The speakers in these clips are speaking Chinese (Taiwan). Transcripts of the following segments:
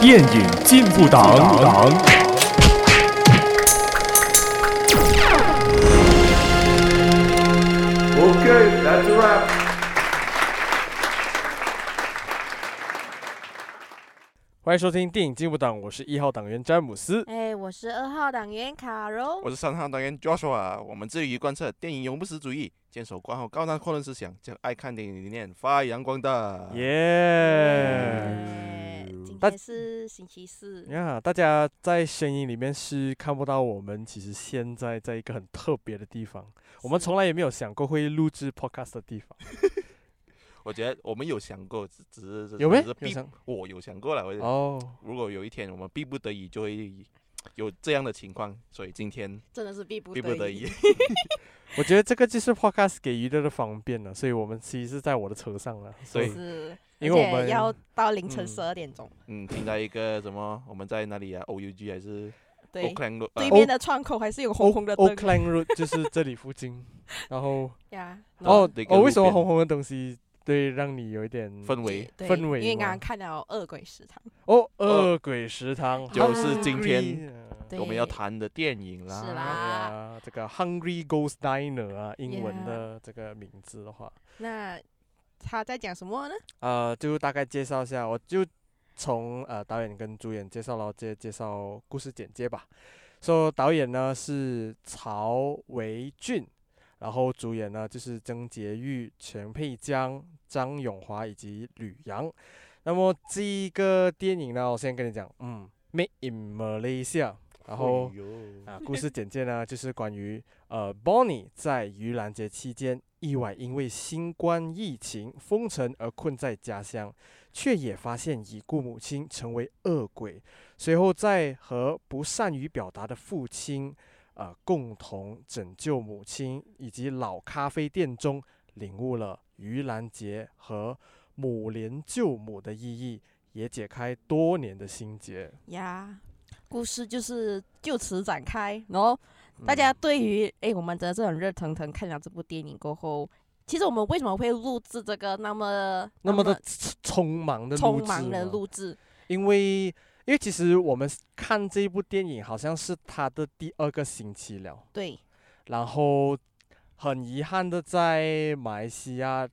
電影進步黨。歡迎收聽電影進步黨，我是一號黨員詹姆斯，哎，我是二號黨員卡戎，我是三號黨員 Joshua，我們致力於貫徹電影永不死主義，堅守觀後高談闊論思想，將愛看電影理念發揚光大。耶、yeah！今天是星期四，啊，大家在聲音裡面是看不到我們，其實現在在一個很特別的地方，我們從來也沒有想過會錄製 Podcast 的地方。 我覺得我們有想過，只是只是只是我有,有,、哦、有想過了。哦，如果有一天我們逼不得已就會有這樣的情況，所以今天以真的是逼不得已。 我覺得這個就是 podcast 給娛樂的方便了，所以我們其實是在我的車上了，所以、就是、因為我們要到凌晨十二點鐘、嗯。嗯，停在一個什麼？我們在哪裡啊？OUG 還是對，Oakland 對面的窗口還是有紅紅的。Oakland Road,、啊、o, o, o, Oakland Road 就是這裡附近， 然後呀，哦、yeah, no, 喔，哦、那個，喔、為什麼紅紅的東西？對，讓你有一點氛圍，氛圍。因為剛剛看到《餓鬼食堂》哦，《餓鬼食堂》oh, Hungry, 就是今天我們要談的電影啦，是啦啊、這個《Hungry Ghost Diner》啊，英文的這個名字的話。Yeah. 那他在講什麼呢？呃，就大概介紹一下，我就從呃導演跟主演介紹了，然後介紹故事簡介吧。說、so, 導演呢是曹維俊。然後主演呢就是曾潔玉、陳佩江、張永華以及呂陽。那麼這一個電影呢，我先跟你講，嗯，Made in Malaysia。然後、哦、啊，故事簡介呢就是關於呃，Bonnie 在盂蘭節期間意外因為新冠疫情封城而困在家鄉，卻也發現已故母親成為惡鬼。隨後在和不善於表達的父親。啊、呃，共同拯救母親，以及老咖啡店中領悟了盂蘭節和目連救母的意義，也解開多年的心結。呀，故事就是就此展開。然後大家對於、嗯、誒，我們真的是很熱騰騰。看了這部電影過後，其實我們為什麼會錄製這個那麼那麼的匆忙的匆忙的錄製？因為。因為其實我們看這部電影，好像是它的第二個星期了。對。然後很遺憾的，在馬來西亞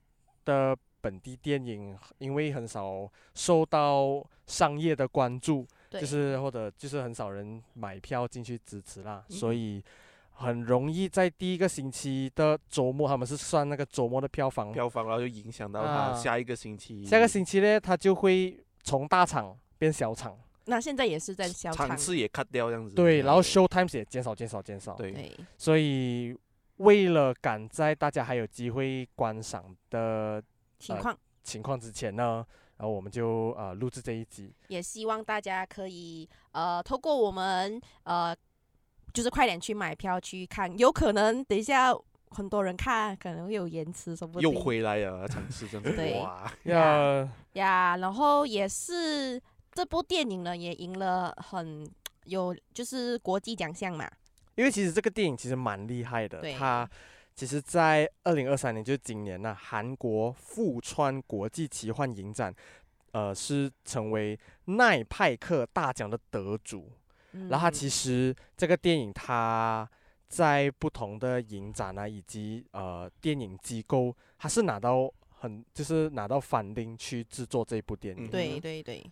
的本地電影，因為很少受到商業的關注，就是或者就是很少人買票進去支持啦、嗯，所以很容易在第一個星期的週末，他們是算那個週末的票房，票房，然後就影響到他、啊、下一個星期。下個星期呢，他就會從大場變小場。那現在也是在場，場次也 cut 掉，這樣子是、是，對，然後 show times 也減少減少減少，對，所以為了趕在大家還有機會觀賞的、呃、情況情況之前呢，然後我們就呃錄制這一集，也希望大家可以呃透過我們呃就是快點去買票去看，有可能等一下很多人看，可能會有延遲，什麼。又回來了場次真的 對哇呀呀，yeah, yeah, 然後也是。這部電影呢，也贏了很有就是國際獎項嘛。因為其實這個電影其實蠻厲害的，它其實，在二零二三年就是今年呢，啊，韓國富川國際奇幻影展，呃，是成為奈派克大獎的得主，嗯。然後它其實這個電影，它在不同的影展啊，以及呃電影機構，它是拿到很就是拿到 funding 去制作這部電影，啊嗯。對對對。對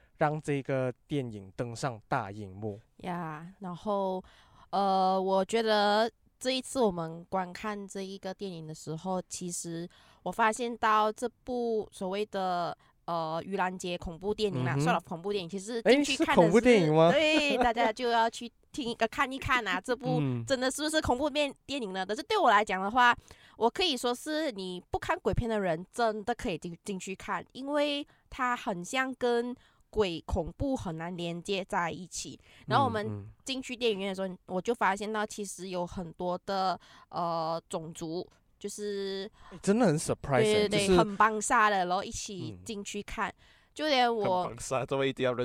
讓這個電影登上大熒幕呀。Yeah, 然後，呃，我覺得這一次我們觀看這一個電影的時候，其實我發現到這部所謂的呃《盂蘭節恐，、mm-hmm. 恐怖電影》啦，算了，恐怖電影其實進去看的是。誒，是恐怖電影嗎？ 對，大家就要去聽一個看一看啊，這部真的是不是恐怖片電影呢、 嗯？但是對我來講的話，我可以說是你不看鬼片的人真的可以進進去看，因為它很像跟。鬼恐怖很難連接在一起。然後我們進去電影院的時候，嗯嗯、我就發現到其實有很多的呃種族，就是真的很 surprise 對對，對就是、很幫殺的，然後一起進去看，嗯、就連我這麼幫殺，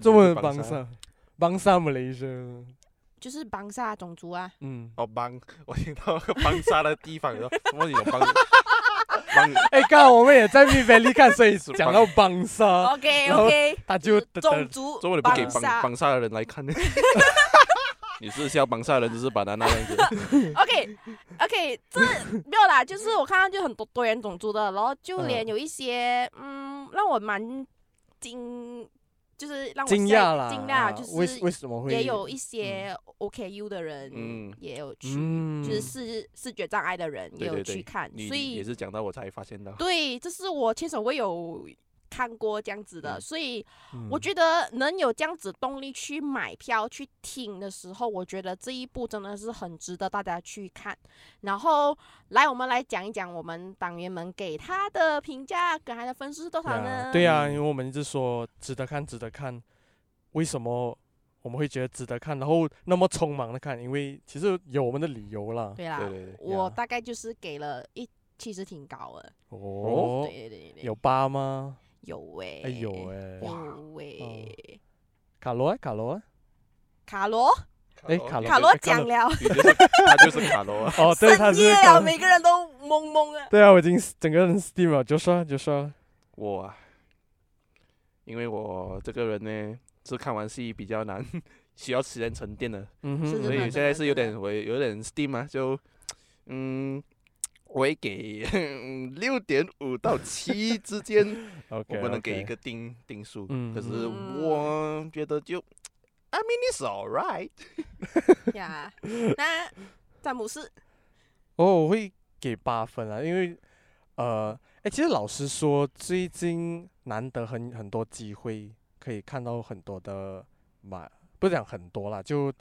這麼幫殺，幫殺 Malaysia，就是幫殺種族啊。嗯，哦幫，我聽到幫殺的地方的，我也有幫。 哎， 剛好我們也在那邊你看，所以講到 bangsa ，OK OK，他就種族，為我也不給 bang bangsa 的人來看呢？ 你是笑 bangsa 的人，只、就是把他那樣子。 OK OK，這沒有啦，就是我看到就很多多元種族的，然後就連有一些，嗯，嗯讓我蠻驚。就是讓我驚訝，驚訝就是為什麼也有一些 OKU 的人也有去，嗯嗯、就是視視覺障礙的人也有去看，對對對，所以也是講到我才發現的。對，這是我前所未有的。看過這樣子的、嗯，所以我覺得能有這樣子動力去買票、嗯、去聽的時候，我覺得這一部真的是很值得大家去看。然後來，我們來講一講我們黨員們給他的評價，給他的分數是多少呢？對啊，因為我們一直說值得看，值得看。為什麼我們會覺得值得看，然後那麼匆忙的看？因為其實有我們的理由了。對啊，我大概就是給了一，其實挺高的。哦，嗯、對對對。有八嗎？有餵、欸，哎呦餵、欸，有餵、哦，卡羅啊卡羅啊，卡羅，哎卡羅、欸、卡羅卡羅卡羅講了，就是、 他就是卡羅啊，哦、對深夜啊，每個人都懵懵啊，對啊，我已經整個人 steam 了，就說就說，我、啊，因為我這個人呢，是看完戲比較難，需要時間沉澱、嗯、的，嗯所以現在是有點我有點 steam 啊，就，嗯。我會給六點五到七之間， okay, 我不能給一個定、okay. 定數、嗯，可是我覺得就、嗯、，I mean it's alright、yeah. 那。那詹姆斯，哦、oh,，我會給八分啊，因為呃，哎，其實老實說，最近難得很很多機會可以看到很多的嘛，不講很多了，就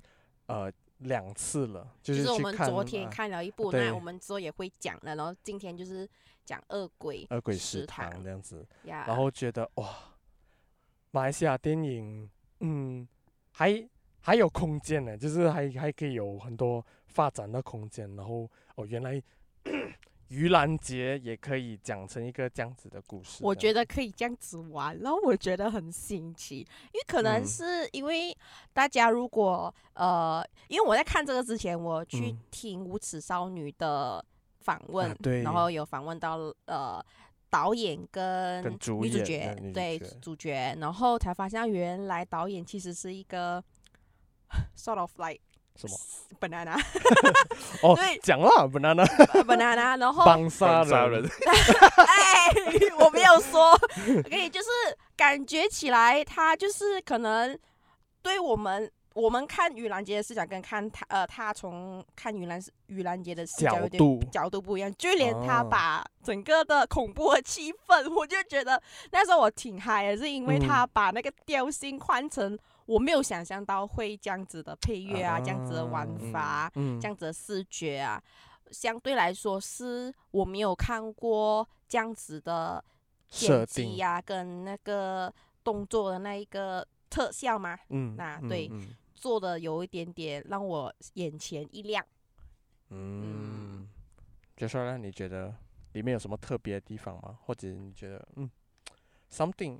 呃。兩次了、就是，就是我們昨天看了一部，啊、那我們之後也會講了，然後今天就是講餓鬼、餓鬼食堂這樣子，yeah. 然後覺得哇、哦，馬來西亞電影，嗯，還還有空間呢，就是還還可以有很多發展的空間。然後哦，原來。 盂蘭節也可以講成一個這樣子的故事，我覺得可以這樣子玩，然後我覺得很新奇，因為可能是因為大家如果，嗯、呃，因為我在看這個之前，我去聽無恥少女的訪問，嗯啊，對，然後有訪問到呃導演跟女主角，主主角對主角，然後才發現原來導演其實是一個 sort of like。什麼 Banana 哦，對。講了 Banana Banana 然後 a 殺人， 哎，我沒有說，可 以、okay, 就是感覺起來，他就是可能對我們我們看盂蘭節的視角，跟看他呃他從看盂蘭盂蘭節的角度角度不一樣，就連他把整個的恐怖和氣氛、啊，我就覺得那時候我挺嗨，是因為他把那個調性換成。嗯我沒有想象到會這樣子的配樂啊，啊這樣子的玩法、嗯嗯，這樣子的視覺啊，相對來說是我沒有看過這樣子的演技啊，跟那個動作的那一個特效嘛，嗯，那、啊嗯、對做得有一點點讓我眼前一亮。嗯，嗯就說讓你覺得裡面有什麼特別的地方嗎？或者你覺得嗯，something？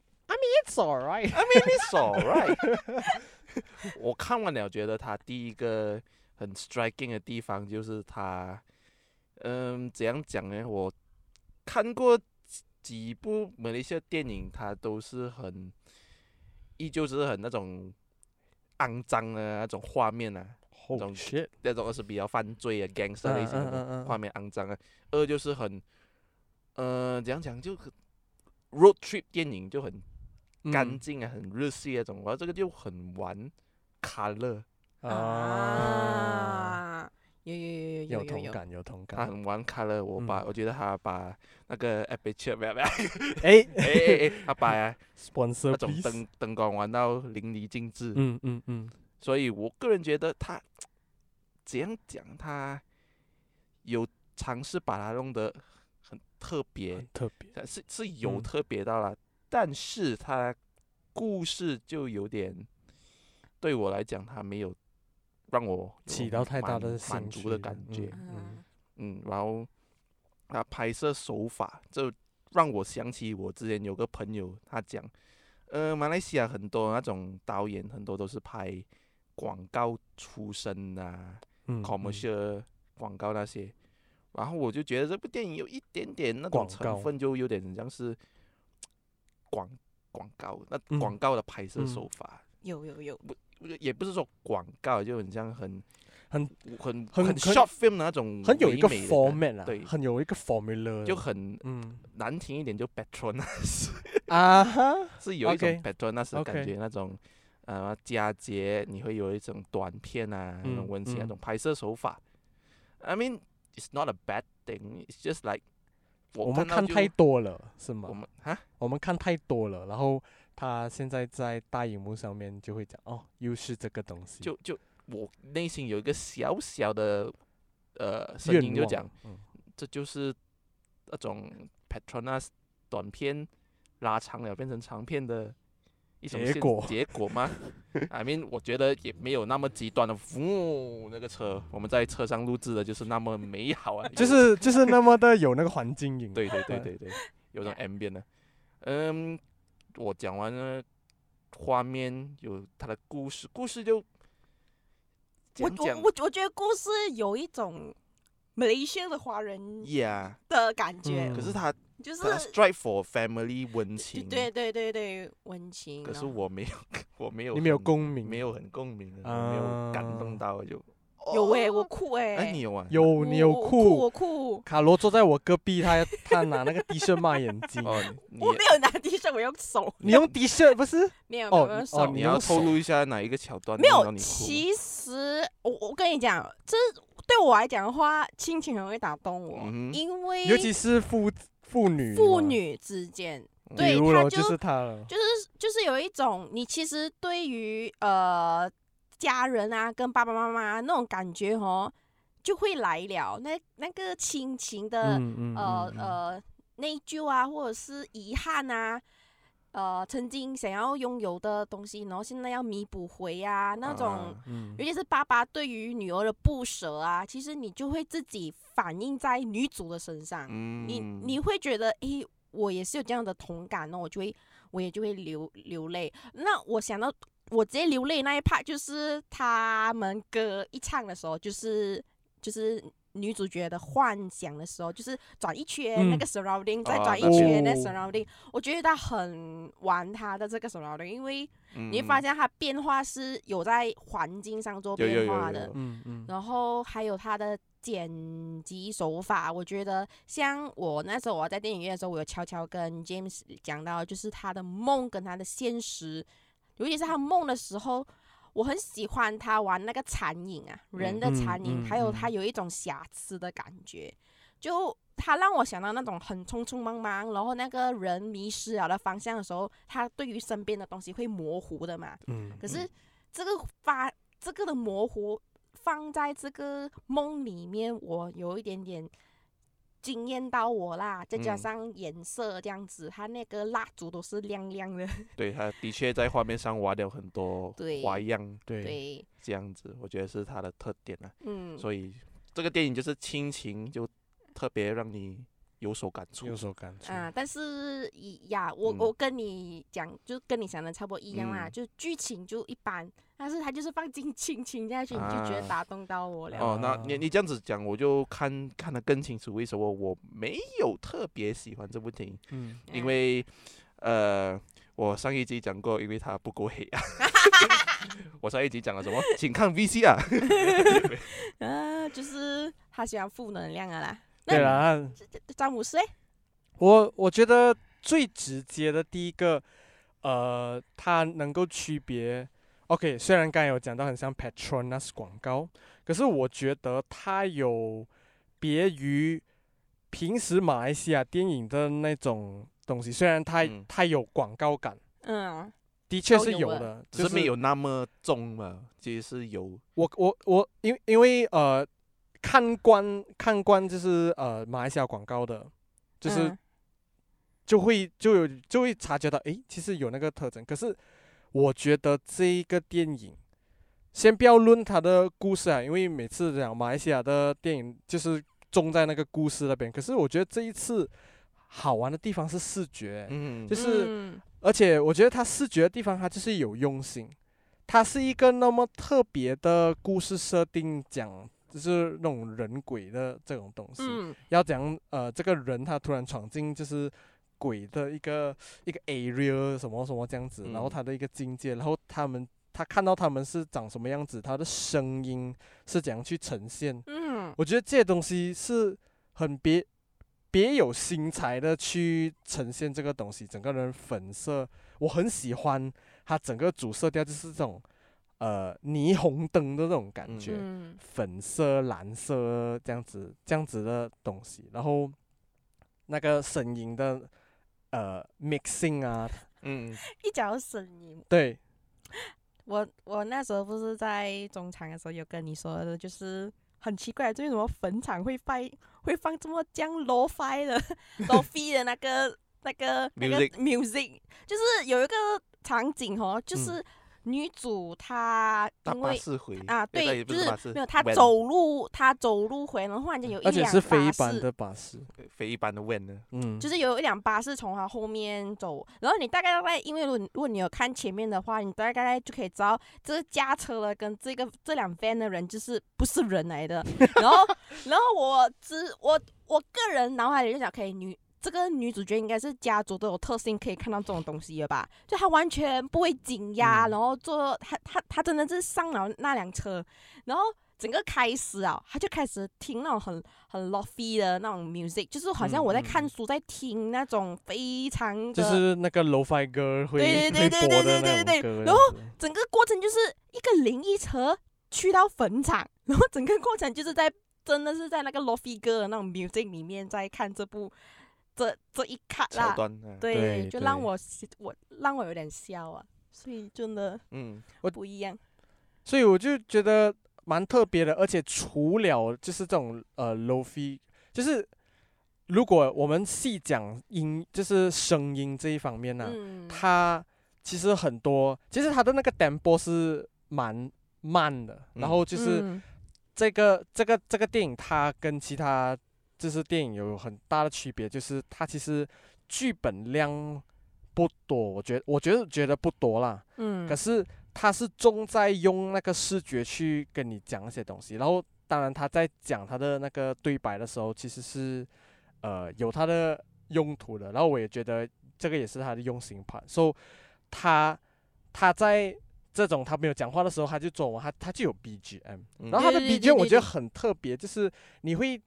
It's alright. I mean, it's alright. 我看完了，覺得他第一個很 striking 的地方就是他，嗯、呃，怎樣講呢？我看過幾部馬來西亞電影，它都是很，依舊是很那種骯髒的那種畫面啊，oh、那種、shit. 那種是比較犯罪啊，gangster 類型的 uh, uh, uh, uh. 畫面骯髒啊，二就是很，嗯、呃，怎樣講，就很 road trip 電影就很。乾淨啊，很日系那種，哇，這個就很玩 color，卡樂啊，有有有有有同感有同感，同感他很玩卡樂，我把我覺得他把那個 a a 哎哎哎，哎，他把呀、啊，那種燈燈光玩到淋漓盡致，嗯嗯嗯，所以我個人覺得他怎樣講，他有嘗試把它弄得很特別，特別，是是有特別到了。嗯但是他故事就有點，對我來講，他沒有讓我有起到太大的滿足的感覺，嗯嗯。嗯，然後他拍攝手法，就讓我想起我之前有個朋友，他講，呃，馬來西亞很多那種導演，很多都是拍廣告出身吶、啊、嗯嗯，commercial 廣告那些。然後我就覺得這部電影有一點點那種成分，就有點像是。廣廣告那廣告的拍攝手法有有有，也不是說廣告就很像很很很很 short film 的那種美美的，很有一個 format 啊，對，很有一個 formula，就很難聽一點就 patronus 啊，是有一種 patronus okay, okay. 感覺那種呃佳節你會有一種短片啊，嗯、那種溫馨、嗯、那種拍攝手法。I mean it's not a bad thing, it's just like 我，我們看太多了，是嗎？我們啊，我們看太多了，然後他現在在大熒幕上面就會講哦，又是這個東西，就就我內心有一個小小的呃聲音，就講、嗯、這就是那種 Petronas 短片拉長了變成長片的。結果結果嗎 ？I mean，我覺得也沒有那麼極端的。務、 哦。那個車，我們在車上錄制的就是那麼美好啊，就是 就是那麼的有那個環境音。對對對對對， 有那種 ambient 的。嗯，我講完了，畫面有他的故事，故事就講講。我我我我覺得故事有一種馬來西亞的華人。Yeah。的感覺。Yeah, 嗯、可是他。就是，是 strike for family 溫情，對對對對，對，溫情。哦。可是我沒有，我沒有，你沒有共鳴，沒有很共鳴，嗯、沒有感動到我就。有誒、欸，我哭誒、欸。哎、啊，你有啊？有，你有哭，哭，我哭。卡羅坐在我隔壁，他他拿那個低士 抹眼睛、oh，。我沒有拿低士，我用手的。你用低士，不是 沒？沒有，哦、oh, 哦，oh, 你要透露一下哪一個橋段？沒有，你你其實我我跟你講，這對我來講的話，親情很會打動我，嗯、因為尤其是父。父女父女之間，對，他就就是、就是、就是有一種你其實對於呃家人啊，跟爸爸媽媽、啊、那種感覺哦，就會來了那那個親情的、嗯嗯嗯、呃呃內疚啊，或者是遺憾啊。呃，曾經想要擁有的東西，然後現在要彌補回啊，那種、啊嗯，尤其是爸爸對於女兒的不捨啊，其實你就會自己反映在女主的身上，嗯、你你會覺得，哎，我也是有這樣的同感呢，我就會，我也就會流流淚。那我想到我直接流淚那一 part，就是他們歌一唱的時候、就是，就是就是。女主角的幻想的時候，就是轉一圈、嗯、那個 surrounding，再轉一圈、啊、那個 surrounding。我覺得他很玩他的這個 surrounding，因為你會發現他變化是有在環境上做變化的。嗯，嗯，嗯。然後還有他的剪輯手法，我覺得像我那時候我在電影院的時候，我有悄悄跟 James 講到，就是他的夢跟他的現實，尤其是他夢的時候。我很喜歡他玩那個殘影啊，人的殘影，嗯、還有他有一種瑕疵的感覺，嗯嗯、就他讓我想到那種很匆匆忙忙，然後那個人迷失了的方向的時候，他對於身邊的東西會模糊的嘛。嗯、可是這個發、嗯、這個的模糊放在這個夢裡面，我有一點點。驚艷到我啦！再加上顏色這樣子，嗯、它那個蠟燭都是亮亮的。對，他的確在畫面上挖掉很多花樣，對對。對，這樣子我覺得是它的特點啊。嗯，所以這個電影就是親情，就特別讓你。有所感觸，有所感觸啊！但是，一呀，我、嗯、我跟你講，就跟你想的差不多一樣啦、嗯，就劇情就一般，但是他就是放進親情下去、啊，你就覺得打動到我了哦。哦，那你你這樣子講，我就看看得更清楚，為什麼我沒有特別喜歡這部電影？嗯，因為、啊、呃，我上一集講過，因為他不夠黑啊。 我上一集講了什麼？請看 VCR 啊。 啊，就是他喜歡負能量啊啦。對啊我我覺得最直接的，第一個，呃，它能夠區別。OK，雖然剛才有講到很像 Petronas 廣告，可是我覺得它有別於平時馬來西亞電影的那種東西。雖然它它有廣告感，嗯，的確是有的，有的就是、只是沒有那麼重嘛，其實是有。我我我，因因為呃。看官，看官就是呃，馬來西亞廣告的，就是、嗯、就會就有就會察覺到，誒，其實有那個特徵。可是我覺得這一個電影，先不要論它的故事啊，因為每次講馬來西亞的電影就是重在那個故事那邊。可是我覺得這一次好玩的地方是視覺，嗯，就是、嗯、而且我覺得它視覺的地方，它就是有用心，它是一個那麼特別的故事設定講。就是那種人鬼的這種東西，嗯、要講呃，這個人他突然闖進就是鬼的一個一個 area 什麼什麼這樣子、嗯，然後他的一個境界，然後他們他看到他們是長什麼樣子，他的聲音是怎樣去呈現？嗯，我覺得這些東西是很別別有心裁的去呈現這個東西，整個人粉色，我很喜歡它整個主色調就是這種。呃，霓虹燈的那種感覺、嗯，粉色、藍色這樣子、這樣子的東西，然後那個聲音的呃 mixing 啊，嗯，一 講到聲音，對，我我那時候不是在中場的時候有跟你說的，就是很奇怪、啊，為什麼墳場會放會放這麼降 lofi 的 lofi 的那個那個、music。那個 music，music 就是有一個場景哦，就是、嗯。女主她因為回啊對也也，就是沒有她走路、van，她走路回，然後忽然間有一輛巴士，而且是飛一般的巴士，飛一般的 van 呢，嗯，就是有一輛巴士從她後面走，然後你大概大概因為如果如果你有看前面的話，你大概，大概就可以知道這駕、就是、車了跟這個這輛 van 的人就是不是人來的，然後 然後我只我我個人腦海裡就想，可以女。這個女主角應該是家族都有特性，可以看到這種東西的吧？就她完全不會驚訝，嗯，然後坐她她她真的是上了那輛車，然後整個開始啊，她就開始聽那種很很 lofi 的那種 music，就是好像我在看書，嗯，在聽那種非常就是那個 lofi 歌，會會播的那種歌，對對對對對對對。然後整個過程就是一個靈異車去到墳場，然後整個過程就是在真的是在那個 lofi 歌的那種 music 裡面在看這部。這這一卡啦、啊對，對，就讓我我讓我有點笑啊，所以真的，嗯，我不一樣，所以我就覺得蠻特別的。而且除了就是這種呃 lofi 就是如果我們細講音，就是聲音這一方面呢、啊嗯，它其實很多，其實它的那個 tempo 是蠻慢的。嗯、然後就是、嗯、這個這個這個電影，它跟其他。這是電影有很大的區別，就是它其實劇本量不多，我覺得我覺得覺得不多啦，嗯、可是他是重在用那個視覺去跟你講那些東西，然後當然他在講他的那個對白的時候，其實是呃有他的用途的，然後我也覺得這個也是他的用心吧、嗯。所以他他在這種他沒有講話的時候，他就做，他他就有 BGM，、嗯、然後他的 BGM 我覺得很特別，嗯、對對對對就是你會。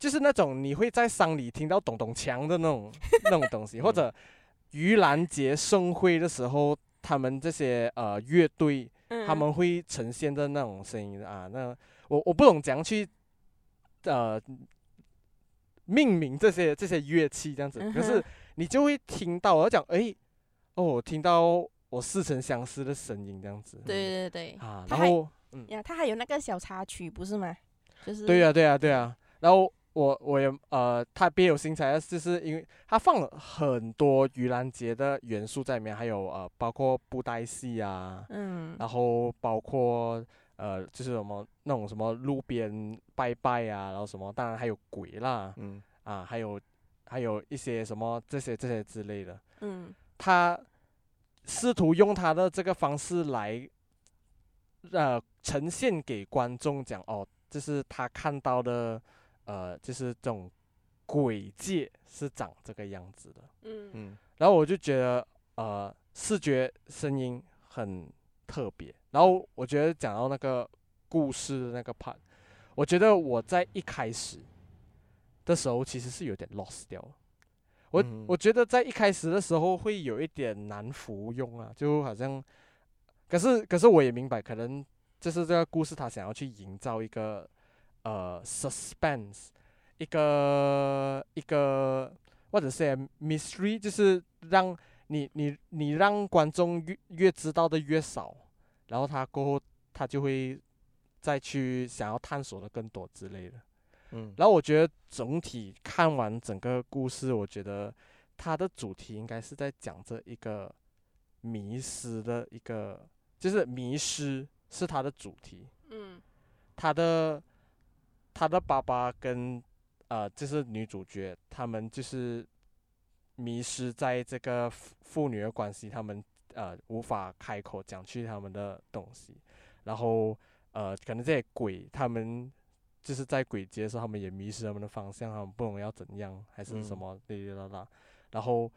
就是那種你會在山裡聽到咚咚鏘的那種 那種東西，或者盂蘭節盛會的時候，他們這些呃樂隊嗯嗯他們會呈現的那種聲音啊。那個、我我不懂怎樣去呃命名這些這些樂器這樣子、嗯，可是你就會聽到，我講哎哦，我聽到我似曾相識的聲音這樣子。嗯、對對對啊，然後呀，他、嗯、還有那個小插曲不是嗎？就是對呀、啊、對呀、啊、對呀、啊，然後。我我也呃，他別有心裁，就是因為他放了很多盂蘭節的元素在裡面，還有呃，包括布袋戲啊，嗯，然後包括呃，就是什麼那種什麼路邊拜拜啊，然後什麼，當然還有鬼啦，嗯，啊，還有還有一些什麼這些這些之類的，嗯，他試圖用他的這個方式來呃呈現給觀眾講哦，就是他看到的。呃，就是這種鬼界是長這個樣子的，嗯，然後我就覺得，呃，視覺聲音很特別。然後我覺得講到那個故事的那個 part，我覺得我在一開始的時候其實是有點 lost 掉我，嗯，我覺得在一開始的時候會有一點難服用啊，就好像，可是可是我也明白，可能就是這個故事他想要去營造一個。呃，suspense，一個一個，或者是 mystery，就是讓你你你讓觀眾越越知道的越少，然後他過後他就會再去想要探索的更多之類的。嗯，然後我覺得總體看完整個故事，我覺得它的主題應該是在講這一個迷失的一個，就是迷失是它的主題。嗯，它的。他的爸爸跟，呃，就是女主角，他們就是迷失在這個父女的關係，他們呃無法開口講去他們的東西，然後呃，可能這些鬼，他們就是在鬼節的時候，他們也迷失他們的方向，他們不懂要怎樣還是什麼，滴滴答答。然後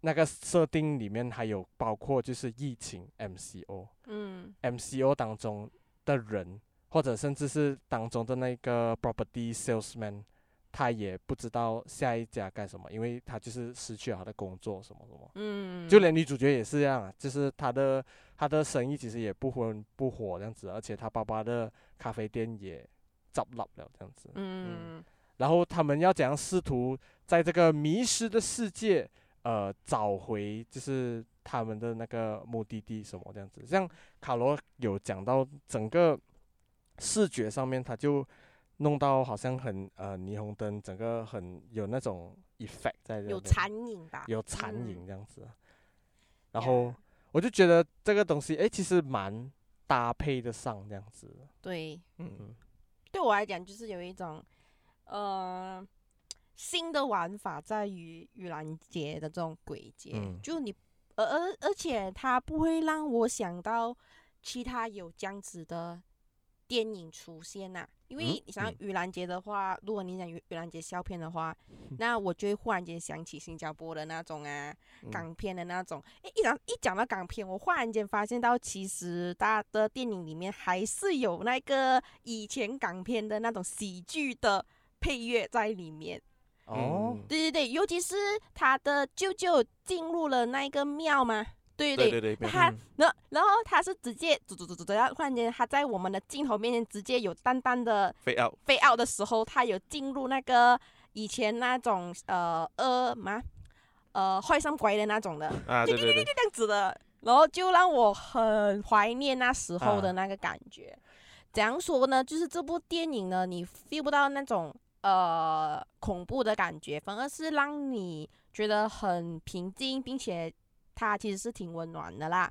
那個設定裡面還有包括就是疫情 MCO，嗯，MCO 當中的人。或者甚至是當中的那個 property salesman，他也不知道下一家幹什麼，因為他就是失去了他的工作，什麼什麼，嗯，就連女主角也是這樣，啊，就是他的他的生意其實也不溫不火這樣子，而且他爸爸的咖啡店也照不了這樣子，嗯，嗯，然後他們要怎樣試圖在這個迷失的世界，呃，找回就是他們的那個目的地什麼這樣子，像卡羅有講到整個。視覺上面，它就弄到好像很呃霓虹燈，整個很有那種 effect 在有殘影吧、啊，有殘影這樣子、嗯。然後我就覺得這個東西，誒，其實蠻搭配得上這樣子。對，嗯，對我來講就是有一種呃新的玩法，在於盂蘭節的這種鬼節、嗯，就你而而而且它不會讓我想到其他有這樣子的。電影出現吶、啊，因為你想盂蘭節的話、嗯嗯，如果你想盂盂蘭節笑片的話，那我就會忽然間想起新加坡的那種啊，嗯、港片的那種。哎，一講一講到港片，我忽然間發現到，其實他的電影裡面還是有那個以前港片的那種喜劇的配樂在裡面。哦，嗯、對對對，尤其是他的舅舅進入了那個廟嘛對對對，他然、嗯、然後他是直接走走走走到，忽 然間他在我們的鏡頭面前直接有淡淡的 fade out 飛 out 的時候，他有進入那個以前那種呃呃嘛呃壞上怪的那種的，啊，對對對對，這樣子的，然後就讓我很懷念那時候的那個感覺。啊，怎樣說呢？就是這部電影呢，你 feel 不到那種呃恐怖的感覺，反而是讓你覺得很平靜，並且。他其實是挺溫暖的啦，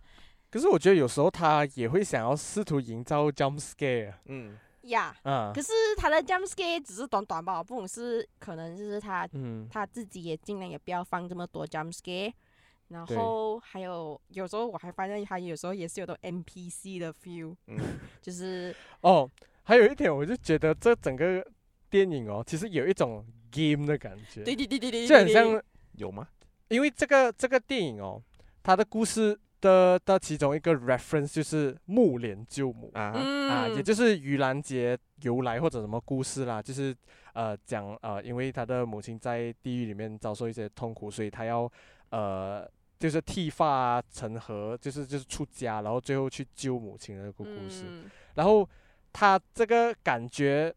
可是我覺得有時候他也會想要試圖營造 jump scare，嗯，呀、yeah, 啊，可是他的 jump scare 只是短短吧，不管是可能就是他、嗯，他自己也盡量也不要放這麼多 jump scare，、嗯、然後還有有時候我還發現他有時候也是有那種 NPC 的 feel，、嗯、就是 哦，還有一點我就覺得這整個電影哦，其實有一種 game 的感覺，對的對的對對對，就很像對對有嗎？因為這個這個電影哦。他的故事的、的其中一個 reference 就是目連救母啊、嗯，啊，也就是盂蘭節由來或者什麼故事啦，就是呃講呃因為他的母親在地獄裡面遭受一些痛苦，所以他要呃就是剃髮、啊、成和，就是就是出家，然後最後去救母親的那個故事。嗯、然後他這個感覺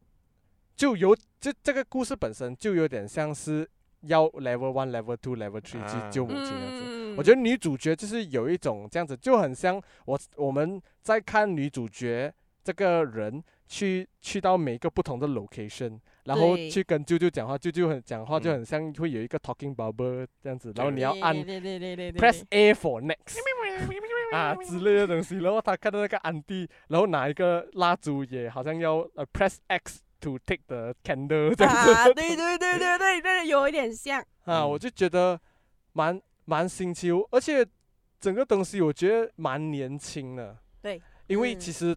就有，這這個故事本身就有點像是要 level one、level two、level three、啊、去救母親那種、嗯。我覺得女主角就是有一種這樣子，就很像我我們在看女主角這個人去去到每一個不同的 location，然後去跟舅舅講話，舅舅很講話、嗯、就很像會有一個 talking bubble 這樣子，然後你要按 press A for next 啊之類的東西，然後他看到那個安迪，然後拿一個蠟燭也好像要呃、uh, press X to take the candle、啊、對對對對對對，有一點像啊，我就覺得蠻。蠻新奇，而且整個東西我覺得蠻年輕的。對，嗯、因為其實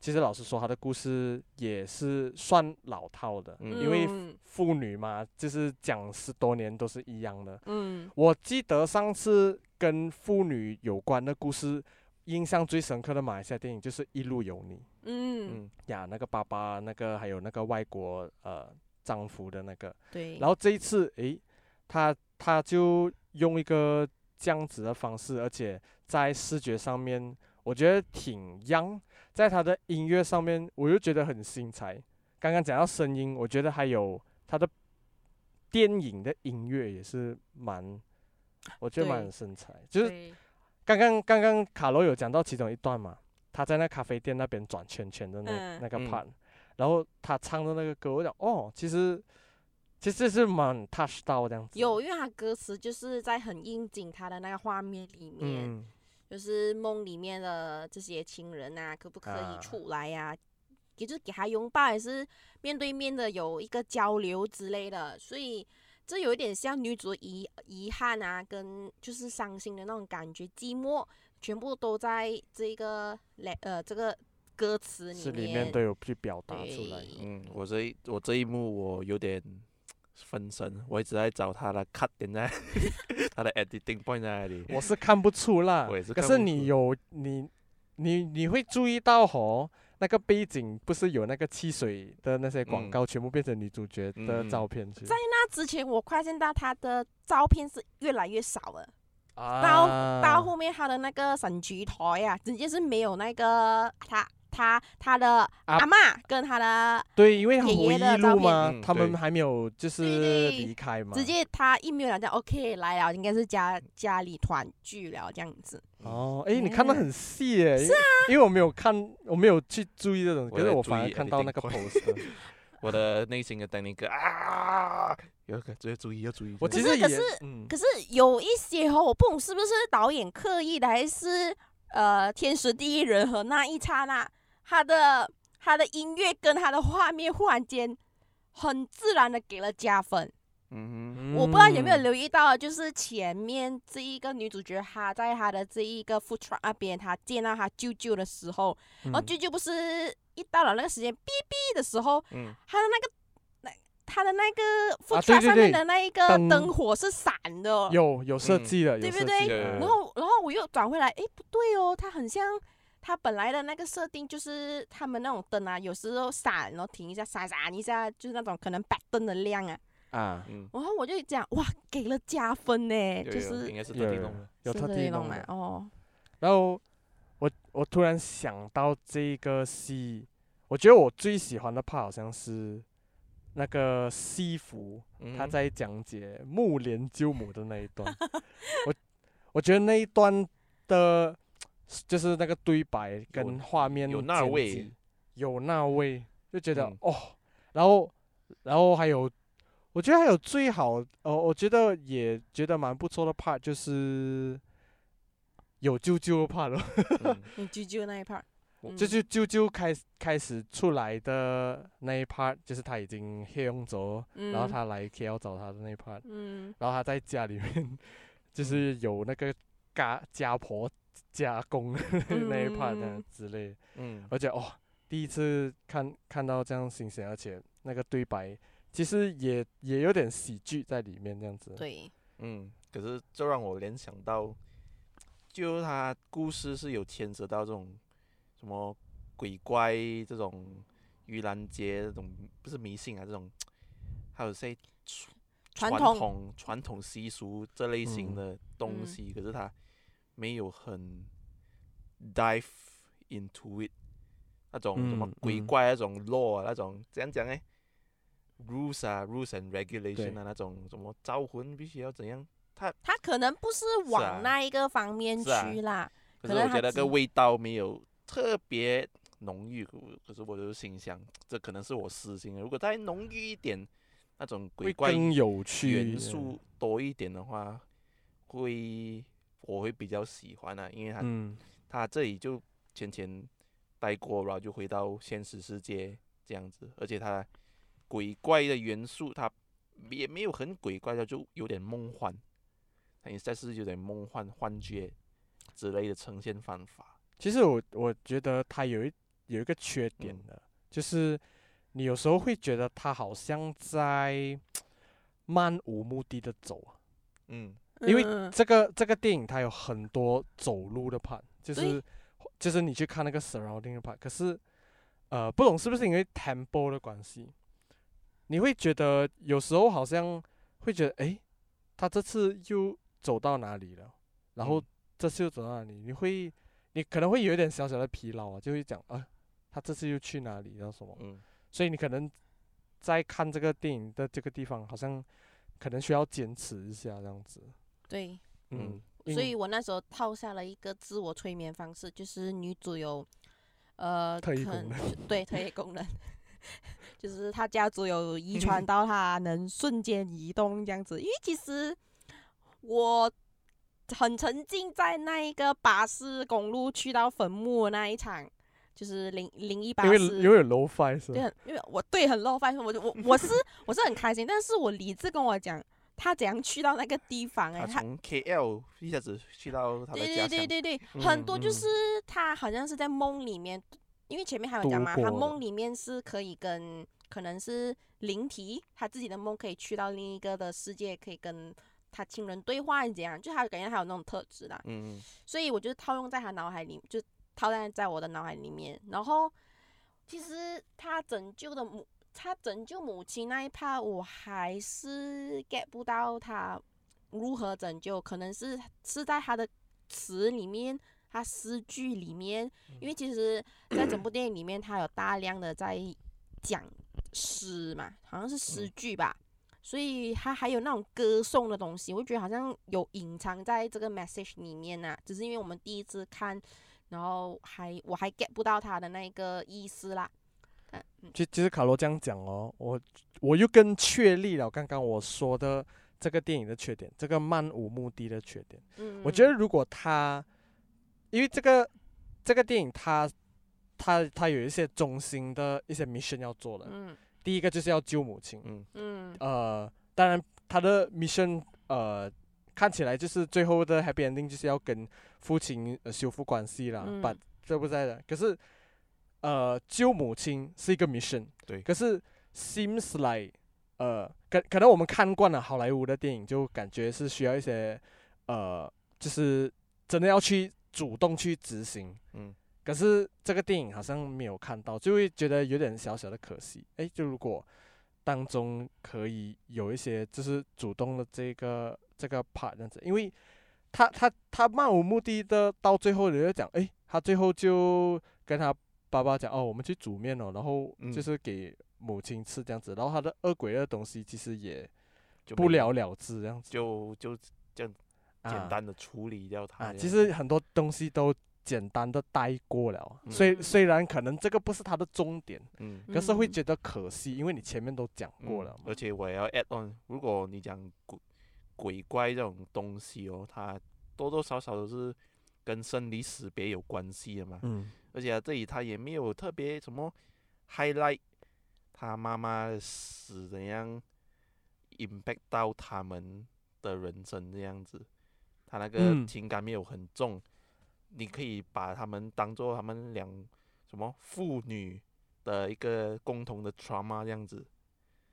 其實老實說，他的故事也是算老套的，嗯，因為婦女嘛，就是講十多年都是一樣的。嗯，我記得上次跟婦女有關的故事，印象最深刻的馬來西亞電影就是《一路有你》。嗯嗯，呀，那個爸爸，那個還有那個外國呃丈夫的那個。對。然後這一次，哎，他他就。用一個這樣子的方式，而且在視覺上面，我覺得挺 young；在他的音樂上面，我又覺得很新彩。剛剛講到聲音，我覺得還有他的電影的音樂也是蠻，我覺得蠻新彩。就是剛剛剛剛卡羅有講到其中一段嘛，他在那咖啡店那邊轉圈圈的那、嗯、那個 part、嗯、然後他唱的那個歌，我講哦，其實。其實是蠻 touch 到這樣子，有，因為他歌詞就是在很應景他的那個畫面裡面，嗯、就是夢裡面的這些親人啊，可不可以出來呀、啊啊？也就是給他擁抱還，也是面對面的有一個交流之類的，所以這有一點像女主遺遺憾啊，跟就是傷心的那種感覺，寂寞全部都在這個來呃這個歌詞裡面，是裡面都有去表達出來。嗯，我這我這一幕我有點。分身，我一直在找他的 cut 點在，他的 editing point 那裡？我是看不出啦，是出可是你有你你你會注意到吼、哦，那個背景不是有那個汽水的那些廣告，嗯、全部變成女主角的、嗯、照片。在那之前，我發現到她的照片是越來越少了、啊，到到後面她的那個選舉台呀、啊，直接是沒有那個她。他他他的、啊、阿嬤跟他的，爹爹的對，因為的路嗎、嗯？他們還沒有就是離開嘛？直接他一秒兩張 OK 來了，應該是家家裡團聚了這樣子。哦，哎、嗯，你看得很細哎，是啊因，因為我沒有看，我沒有去注意這種，可是我反而看到那個 pose。我， 我的內心的在那個啊，有可，直接注意要注意。要注意我其實可是、嗯、可是有一些、哦、我不懂是不是導演刻意的，還是呃天時地利人和那一剎那。他的他的音樂跟他的畫面忽然間很自然的給了加分，嗯，嗯，我不知道有沒有留意到，就是前面這一個女主角她在她的這一個 food truck 那邊，她見到她舅舅的時候，然、嗯、後舅舅不是一到了那個時間 B B 的時候，她、嗯、他的那個那她的那個 food truck 上面的那一個燈火是閃的，啊、對對對有有設計的、嗯，對不對？對對對對然後然後我又轉回來，哎，不對哦，她很像。他本來的那個設定就是他們那種燈啊，有時候閃，然後停一下，閃，閃一下，就是那種可能白燈的亮啊。啊，嗯、然後我就講哇，給了加分呢，欸嗯，就是、嗯、應該是特地弄的，有特地弄的地弄哦。然後我我突然想到這個戲，我覺得我最喜歡的 part 好像是那個西服，嗯嗯他在講解目連救母的那一段。 我我覺得那一段的。就是那個對白跟畫面有那味，有那味，有那味就覺得、嗯、哦，然後，然後還有，我覺得還有最好哦、呃，我覺得也覺得蠻不錯的 part，就是有舅舅 part 了、嗯。 你舅舅那一 part？、嗯、就是舅舅開開始出來的那一 part，就是他已經黑傭走、嗯，然後他來 K.O. 找他的那一 part、嗯。然後他在家裡面，就是有那個嘎家、嗯、家婆。加工 那一 part、嗯、之類的，嗯，而且哦，第一次看看到這樣新鮮，而且那個對白其實也也有點喜劇在裡面這樣子。對，嗯，可是就讓我聯想到，就是他故事是有牽扯到這種什麼鬼怪這種盂蘭節這種不是迷信啊這種，還有誰傳統傳統習俗這類型的東西，嗯嗯、可是他。沒有很 dive into it 那種什麼鬼怪那種 law、啊嗯、那種、嗯、那種怎樣講呢？rules 啊 rules and regulation 啊那種什麼招魂必須要怎樣，他他可能不是往是、啊、那一個方面去啦、啊。可是我覺得那個味道沒有特別濃郁，可，可，是，我郁可是我就是清香這可能是我私心的。如果再濃郁一點，那種鬼怪元素多一點的話，會，會我會比較喜歡啊，因為他他、嗯、這裡就淺淺帶過，然後就回到現實世界這樣子，而且他鬼怪的元素，他也沒有很鬼怪，他就有點夢幻，他也算是有點夢幻幻覺之類的呈現方法。其實我我覺得他有一有一個缺點的、嗯，就是你有時候會覺得他好像在漫無目的的走，嗯。因為這個、嗯、這個電影它有很多走路的 part，就是就是你去看那個 surrounding 的 part。可是，呃，不懂是不是因為 tempo 的關係，你會覺得有時候好像會覺得，誒，他這次又走到哪裡了？然後這次又走到哪裡？嗯、你會你可能會有一點小小的疲勞啊，就會講啊，他、呃、這次又去哪裡？然後什麼、嗯？所以你可能在看這個電影的這個地方，好像可能需要堅持一下這樣子。對，嗯，所以我那時候套下了一個自我催眠方式，嗯、就是女主有，呃，能可能對，特異功能， 就是她家族有遺傳到她能瞬間移動這樣子。因為其實我很沉浸在那一個巴士公路去到墳墓那一場，就是零零一巴士，因為有點 lo-fi，對，因為對我對很 lo-fi，我我我是我是很開心，但是我理智跟我講。他怎樣去到那個地方？哎，他從 KL 一下子去到他的家鄉。他對對對對對、嗯，很多就是他好像是在夢裡面，嗯、因為前面還有講嘛，他夢裡面是可以跟可能是靈體，他自己的夢可以去到另一個的世界，可以跟他親人對話怎樣，就他感覺他有那種特質啦。嗯，所以我就套用在他腦海裡，就套在在我的腦海裡面。然後其實他拯救的母。他拯救母親那一趴，我還是 get 不到他如何拯救。可能是是在他的詞裡面，他詩句裡面，因為其實在整部電影裡面，他有大量的在講詩嘛，好像是詩句吧。所以他還有那種歌頌的東西，我覺得好像有隱藏在這個 message 裡面呢、啊。只是因為我們第一次看，然後還我還 get 不到他的那個意思啦。其其實卡羅這樣講哦，我我又更確立了剛剛我說的這個電影的缺點，這個漫無目的的缺點嗯嗯。我覺得如果他，因為這個這個電影他他他有一些中心的一些 mission 要做的、嗯。第一個就是要救母親。嗯嗯，呃，當然他的 mission 呃看起來就是最後的 happy ending 就是要跟父親修復關係啦，但、嗯、這不在的？可是。呃，救母親是一個 mission，對。可是 seems like，呃，可可能我們看慣了好萊塢的電影，就感覺是需要一些，呃，就是真的要去主動去執行。嗯。可是這個電影好像沒有看到，就會覺得有點小小的可惜。哎，就如果當中可以有一些，就是主動的這個這個 part 這樣子，因為他他他漫無目的的到最後人家講，哎，他最後就跟他。爸爸講哦，我們去煮麵哦，然後就是給母親吃這樣子，嗯，然後他的餓鬼的東西其實也不了了之這樣子，就就，就這樣簡單的處理掉它，啊啊啊。其實很多東西都簡單的帶過了，嗯，雖雖然可能這個不是他的重點，嗯，可是會覺得可惜，因為你前面都講過了，嗯，而且我要 add on，如果你講鬼鬼怪這種東西哦，它多多少少都是跟生離死別有關係的嘛，嗯而且、啊、這裡他也沒有特別什麼 highlight，他媽媽死怎樣 impact 到他們的人生這樣子，他那個情感沒有很重，嗯、你可以把他們當做他們兩什麼父女的一個共同的 trauma 這樣子，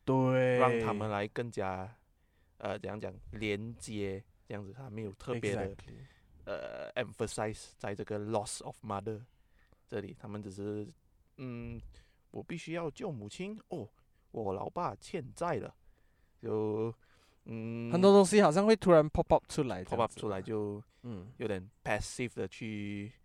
對，讓他們來更加呃怎樣講連接這樣子，他沒有特別的、Exactly. 呃 emphasize 在這個 loss of mother。這裡他們只是，嗯，我必須要救母親哦，我老爸欠債了，就嗯，很多東西好像會突然 pop up 出來，pop up 出來就嗯，有點 passive 的去、嗯，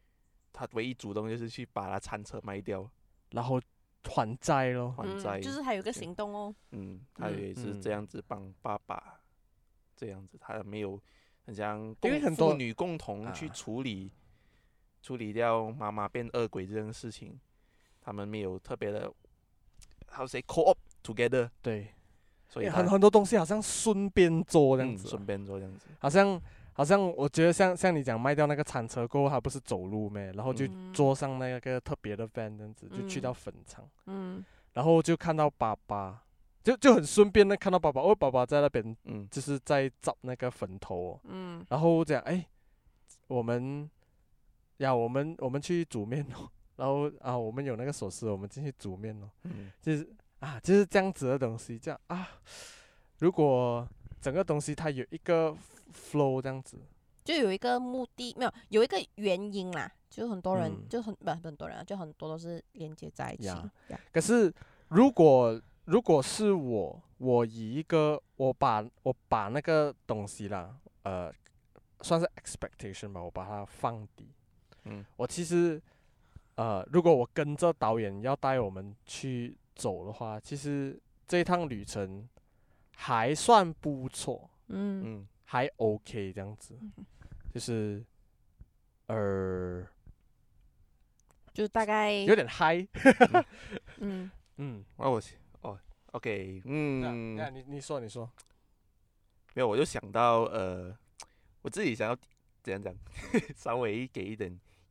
他唯一主動就是去把他餐車賣掉，然後還債咯，還債、嗯、就是還有個行動哦，嗯，他也是這樣子幫爸爸這樣子，他沒有很像因為很多女共同去處理。啊處理掉媽媽變惡鬼這件事情，他們沒有特別的，how to say co-op together？對，所以、欸、很很多東西好像順便做這樣子、啊，順、嗯、便做這樣子。好像好像我覺得像像你講賣掉那個鏟車過後，他不是走路咩？然後就坐上那個特別的 van 這樣子，嗯、就去到墳場、嗯。然後就看到爸爸，就就很順便的看到爸爸，哦，爸爸在那邊，嗯，就是在找那個墳頭、哦。嗯，然後這樣哎、欸，我們。呀、yeah，我們我們去煮面咯，然後啊，我們有那個手勢，我們進去煮面咯。嗯，就是啊，就是這樣子的東西，這樣啊。如果整個東西它有一個 flow 這樣子，就有一個目的，沒有有一個原因啦。就很多人，嗯、就很不很多人、啊，就很多都是連接在一起。Yeah. Yeah. 可是如果如果是我，我以一個我把我把那個東西啦，呃，算是 expectation 吧，我把它放低。嗯，我其實，呃，如果我跟着導演要帶我們去走的話，其實這一趟旅程還算不錯，嗯還 OK 這樣子、嗯，就是，呃，就大概有點嗨，嗯嗯，那、 嗯、我哦，OK，嗯，那那你你說你說，沒有，我就想到呃，我自己想要怎樣講， 稍微給一點。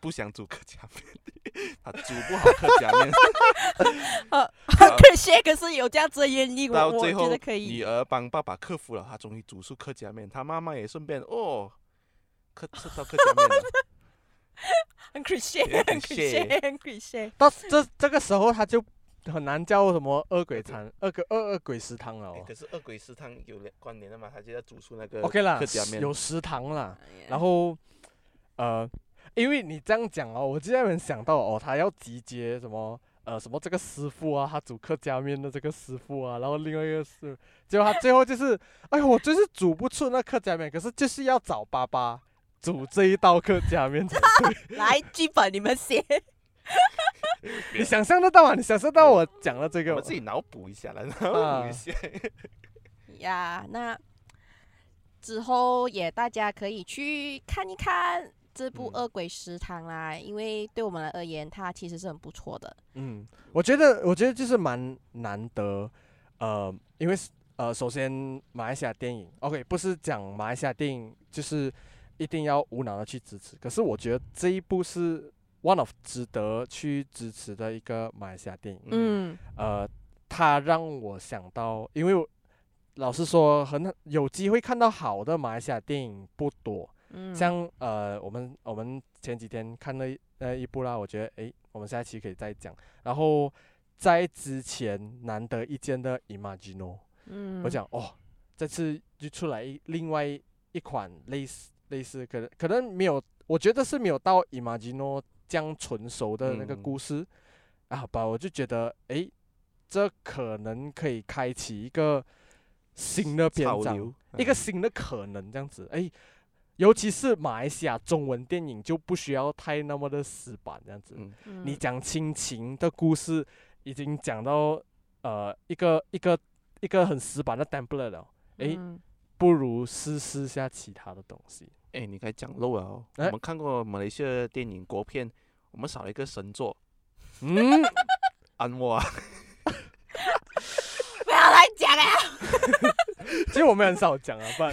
不想煮客家麵，他煮不好客家麵。 啊嗯、可是有這樣子的原因，到最後女兒幫爸爸克服了，他終於煮出客家麵。他媽媽也順便哦，客吃到客家麵了。 很可惜，很可惜，很可惜。到這這個時候他就很難叫什麼餓鬼餐、餓、okay. 鬼、餓餓鬼食堂了、哦欸。可是餓鬼食堂有兩年的嘛，他就要煮出那個客。OK 啦，有食堂了。然後，呃。因為你這樣講哦，我接下來能想到哦，他要集結什麼？呃，什麼這個師傅啊，他煮客家麵的這個師傅啊，然後另外一個是，結果他最後就是， 哎呦，我真是煮不出那客家麵，可是就是要找爸爸煮這一道客家麵。 來劇本，你們寫。 你想象得到啊，你想象到我講了這個，嗯、我自己腦補一下來，腦補一下。呀、啊， yeah, 那之後也大家可以去看一看。這部《餓鬼食堂》啦、嗯，因為對我們而言，它其實是很不錯的。嗯，我覺得，我覺得就是蠻難得。呃，因為呃，首先馬來西亞電影，OK，不是講馬來西亞電影，就是一定要無腦的去支持。可是我覺得這一部是 one of 值得去支持的一個馬來西亞電影。嗯，呃，它讓我想到，因為老實說，很有機會看到好的馬來西亞電影不多。像呃，我們我們前幾天看了一那一部啦，我覺得誒，我們下一期可以再講。然後在之前難得一見的 Imagino，嗯，我講哦，這次就出來另外一款類似類似，可能可能沒有，我覺得是沒有到 Imagino 這樣純熟的那個故事、嗯、啊。好吧，我就覺得哎，這可能可以開啟一個新的篇章，嗯、一個新的可能這樣子誒。尤其是馬來西亞中文電影就不需要太那麼的死板，這樣子，你講親情的故事已經講到呃一個一個一個，一個很死板的 template 了，誒，不如試試下其他的東西、嗯，誒，你可以講漏了、哦。我們看過馬來西亞電影國片，我們少了一個神作，嗯 安我啊，不要來講啊 其實我們很少講啊，不然。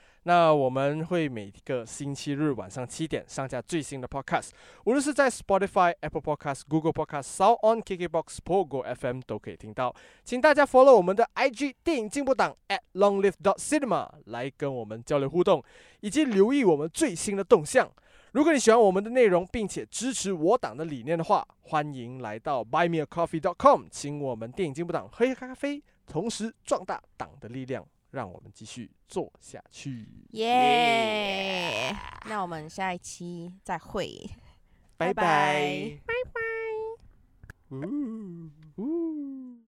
那我們會每個星期日晚上七點上架最新的 Podcast，無論是在 Spotify、Apple Podcast、Google Podcast、SoundOn、KKBOX、Pogo FM 都可以聽到。請大家 follow 我們的 IG 電影進步黨 @LongLive.Cinema 來跟我們交流互動，以及留意我們最新的動向。如果你喜歡我們的內容，並且支持我黨的理念的話，歡迎來到 BuyMeACoffee.Com，請我們電影進步黨喝一咖啡，同時壯大黨的力量。讓我們繼續做下去，耶、yeah yeah！那我們下一期再會，拜拜，拜拜。Bye bye，嗯嗯嗯